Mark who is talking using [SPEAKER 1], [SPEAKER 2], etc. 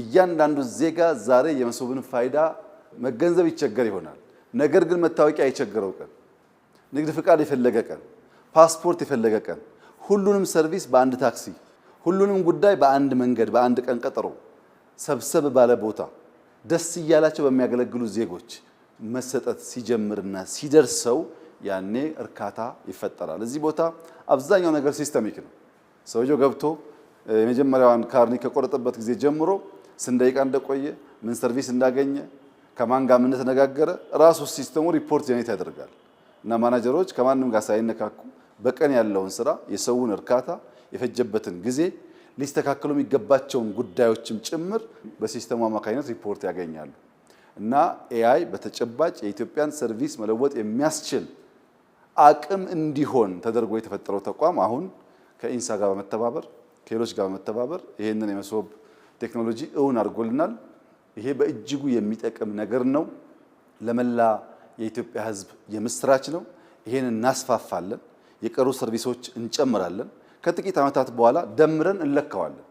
[SPEAKER 1] እያንዳንዱ ዜጋ ዛሬ የመሶብን ፋይዳ መገንዘብ ይቸገር ይሆናል። ነገር ግን መታወቂያ የቸገረው ቀን፣ ንግድ ፍቃድ የፈለገ ቀን፣ ፓስፖርት የፈለገ ቀን፣ ሁሉንም ሰርቪስ በአንድ ታክሲ፣ ሁሉንም ጉዳይ በአንድ መንገድ፣ በአንድ ቀን ቀጠሮ ሰብሰብ ባለ ቦታ ደስ እያላቸው በሚያገለግሉ ዜጎች መሰጠት ሲጀምርና ሲደርሰው ያኔ እርካታ ይፈጠራል። እዚህ ቦታ አብዛኛው ነገር ሲስተሚክ ነው። ሰውየው ገብቶ የመጀመሪያዋን ካርኒ ከቆረጠበት ጊዜ ጀምሮ ስንት ደቂቃ እንደቆየ ምን ሰርቪስ እንዳገኘ ከማን ጋር ምን ተነጋገረ ራሱ ሲስተሙ ሪፖርት ጀኔት ያደርጋል እና ማናጀሮች ከማንም ጋር ሳይነካኩ በቀን ያለውን ስራ፣ የሰውን እርካታ፣ የፈጀበትን ጊዜ፣ ሊስተካከሉ የሚገባቸውን ጉዳዮችም ጭምር በሲስተሙ አማካኝነት ሪፖርት ያገኛሉ እና ኤአይ በተጨባጭ የኢትዮጵያን ሰርቪስ መለወጥ የሚያስችል አቅም እንዲሆን ተደርጎ የተፈጠረው ተቋም አሁን ከኢንሳ ጋር በመተባበር ከሌሎች ጋር መተባበር ይህንን የመሶብ ቴክኖሎጂ እውን አድርጎልናል። ይሄ በእጅጉ የሚጠቅም ነገር ነው። ለመላ የኢትዮጵያ ሕዝብ የምስራች ነው። ይሄን እናስፋፋለን። የቀሩ ሰርቪሶች እንጨምራለን። ከጥቂት ዓመታት በኋላ ደምረን እንለካዋለን።